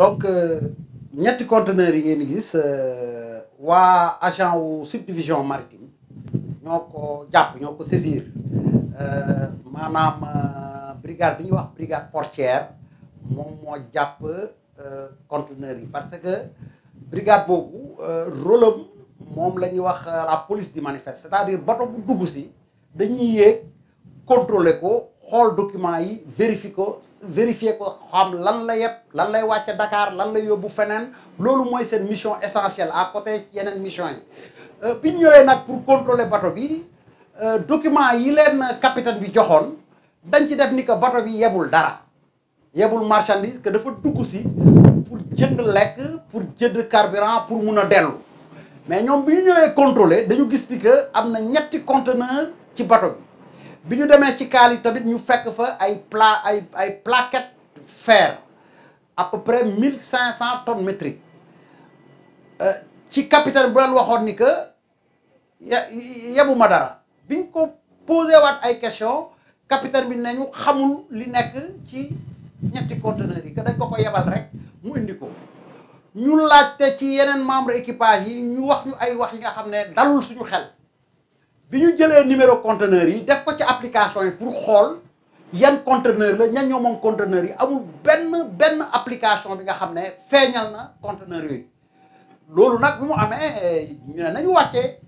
donc euh, ñetti conteneurs yi ngeen gis euh, waa agent wu subdivision marketing. ñoo ko jàpp ñoo ko saisir euh, maanaam brigade bi ñuy wax brigade portière moom moo jàpp conteneurs yi parce que brigade euh, rôle mom lañu wax la police du manifeste c'est-à-dire bato bu dugg si dañuy yé contrôler ko xool document yi vérifier ko ko xam lan la yëpp lan lay wàcce Dakar lan la yóbbu feneen loolu mooy seen mission essentielle à côté yeneen mission yi euh, bi ñëwee nag pour contrôler bato bi euh, document yi leen capitaine bi joxoon dañ ci def ni que bato bi yebul dara yebul marchandise que dafa dugg si pour jënd lekk pour jënd carburant pour mun a dellu mais ñoom bi ñu ñëwee contrôler dañu gis ni que am na ñetti conteneur ci bato bi bi ñu demee ci kaal yi tamit ñu fekk fa ay pla ay ay plaquettes fer à peu près mille cinq cent tonnes métriques euh, ci capitaine bu leen waxoon ni que yebu ma dara biñ ko posé waat ay question capitaine bi nañu xamul li nekk ci ñetti conteneurs yi que dañ ko ko yebal rek mu indi ko ñu laajte ci yeneen membre équipage yi ñu wax ñu ay wax yi nga xam ne dalul suñu xel bi ñu jëlee numéro conteneur yi def ko ci application pour xool yan conteneur la ñan ñoo moom conteneur yi amul benn benn application bi nga xam ne na conteneur yooyu loolu nag bi mu amee eh, ñu ne nañu wàccee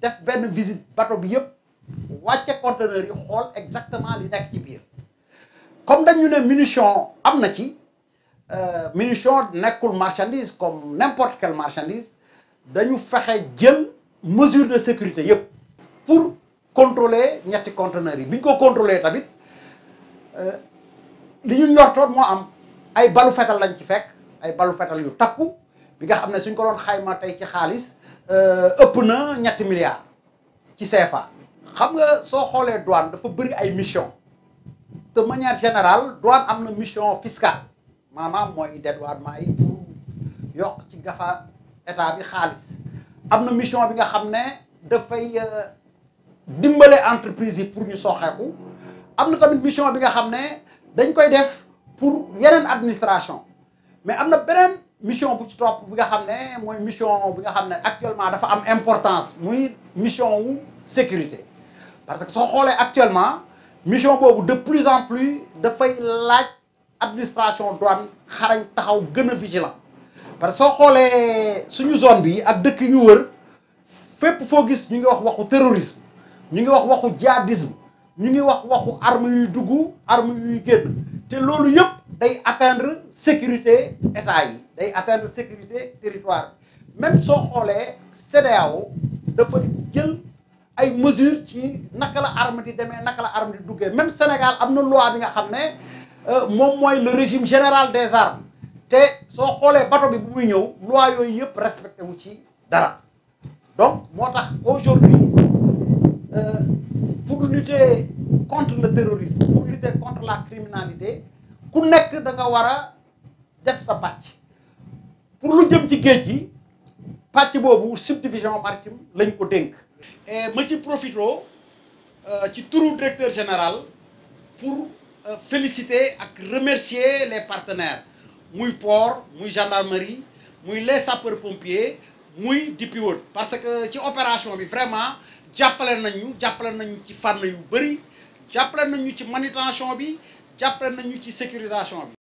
def benn visite bateau bi yëpp wàcce conteneur yi xool exactement li nekk ci biir comme dañu ne munition am na ci euh, munition nekkul marchandise comme n'importe quelle marchandise dañu fexe jël mesure de sécurité yëpp pour contrôler ñetti conteneurs yi bi ñu ko contrôler tamit euh, li ñu njortoon moo am ay balu fetal lañ ci fekk ay balu fetal yu takku bi nga xam ne suñ ko doon xayma tey ci xaalis euh, ëpp na ñetti milliards ci CFA. xam nga soo xoolee douane dafa bëri ay mission ma manière général douane am na mission fiscale maamaam mooy dédouanement yi pour yokk ci gafa état bi xaalis am na mission bi nga xam ne dafay. Euh, dimbalé entreprise yi pour ñu soxeeku amna tamit mission bi nga xamné dañ koy def pour yenen administration mais amna benen mission bu ci topp bi nga xamné moy mission bi nga xamné actuellement dafa am importance muy mission wu sécurité parce que so xolé actuellement mission bobu de plus en plus da fay laaj administration douane xarañ taxaw gën a vigilant parce que so xolé suñu zone bi ak dëkk ñu wër fépp fo gis ñu ngi wax waxu terrorisme ñu ngi wax waxu jihadisme ñu ngi wax waxu arme yuy dugg arme yuy génn te loolu yëpp day atteindre sécurité état yi day atteindre sécurité territoire même soo xoolee CEDEAO dafa jël ay mesures ci naka la arme di demee naka la arme di duggee même Sénégal am na loi bi nga xam ne euh, moom mooy le régime général des armes te soo xoolee bato bi bu muy ñëw loi yooyu yëpp respecté wu ci dara donc moo tax aujourd'hui ku nekk da nga war a def sa pàcc pour lu jëm ci géej gi pàcc boobu subdivision maritime lañ ko dénk. ma ci profito euh, ci turu directeur général pour euh, féliciter ak remercier les partenaires muy port muy gendarmerie muy les sapeurs pompiers muy DPIOT parce que ci opération bi vraiment jàppale nañu jàppale nañu ci fànn yu bëri jàppale nañu ci manutention bi. jàppale nañu ci sécurisation bi